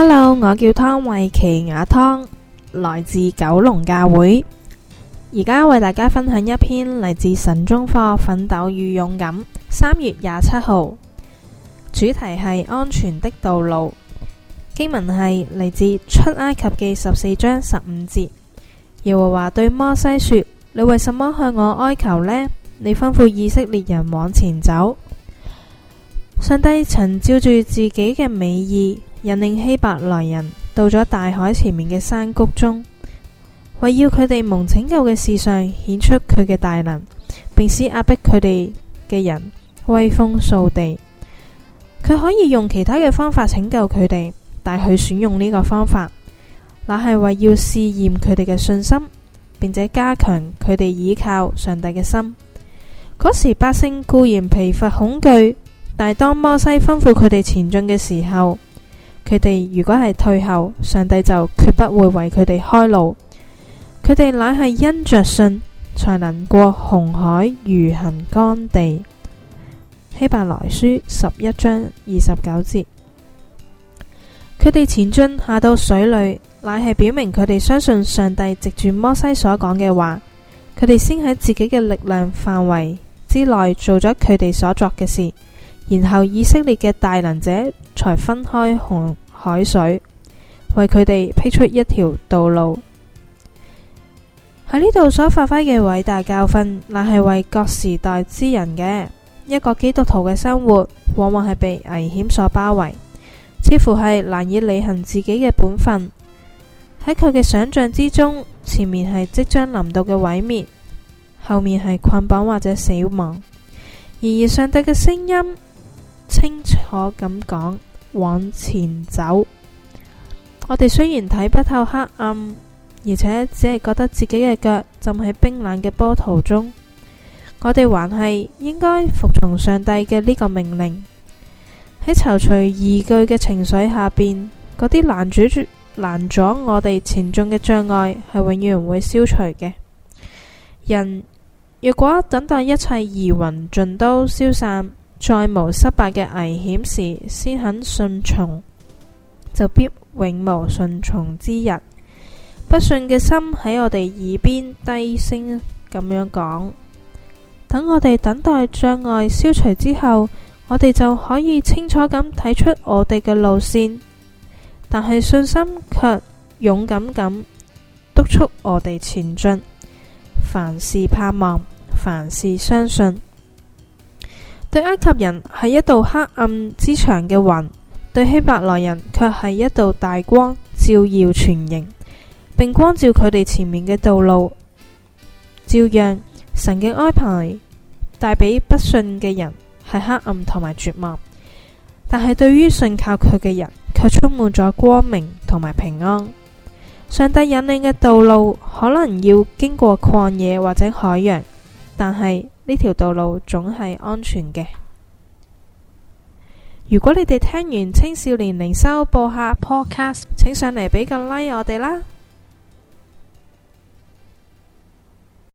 Hello，我叫湯慧琪雅，湯來自九龍教會，而家為大家分享一篇嚟自神中課《奮鬥與勇敢》三月廿七號，主題係安全的道路，經文係嚟自出埃及記十四章十五節，耶和華對摩西說：你為什麼向我哀求呢？你吩咐以色列人往前走，上帝曾照住自己嘅美意。引領希伯來人到咗大海前面嘅山谷中，為要佢哋蒙拯救嘅事上顯出佢嘅大能，並使壓迫佢哋嘅人威風掃地。佢可以用其他嘅方法拯救佢哋，但佢選用呢個方法，乃係為要試驗佢哋嘅信心，並且加強佢哋倚靠上帝嘅心。嗰時百姓固然疲乏恐懼，但係當摩西吩咐佢哋前進嘅時候，佢哋如果係退後，上帝就決不會為佢哋開路。佢哋乃係因着信，才能過紅海、如行乾地。希伯來書十一章二十九節。佢哋前進下到水裏，乃係表明佢哋相信上帝，藉住摩西所講嘅話。佢哋先喺自己嘅力量範圍之內做咗佢哋所作嘅事。然後以色列嘅大能者才分開紅海水，為佢哋闢出一條道路。喺呢度所發揮嘅偉大教訓，乃係為各時代之人嘅一個基督徒嘅生活，往往係被危險所包圍，似乎係難以履行自己嘅本分。喺佢嘅想象之中，前面係即將臨到嘅毀滅，後面係捆綁或者死亡。然而，上帝嘅聲音。清楚咁講，往前走。我哋雖然睇不透黑暗，而且只係覺得自己嘅腳浸喺冰冷嘅波濤中，我哋還係應該服從上帝嘅呢個命令。喺躊躇疑懼嘅情緒下邊，嗰啲攔阻攔阻我哋前進嘅障礙係永遠唔會消除嘅。人若果等待一切疑雲盡都消散。再無失敗嘅危險時，先肯信從，就必永無信從之日。不信嘅心喺我哋耳邊低聲咁樣講，等我哋等待障礙消除之後，我哋就可以清楚咁睇出我哋嘅路線。但係信心卻勇敢咁督促我哋前進。凡事盼望，凡事相信。對埃及人係一道黑暗之長嘅雲，對希伯來人卻係一道大光，照耀全營，並光照佢哋前面嘅道路。照樣神，神嘅安排帶俾不信嘅人係黑暗同埋絕望，但係對於信靠佢嘅人，卻充滿咗光明同埋平安。上帝引領嘅道路可能要經過曠野或者海洋。但係呢條道路總係安全嘅。如果你哋聽完青少年靈修，播客 Podcast，請上嚟畀個 like 我哋啦。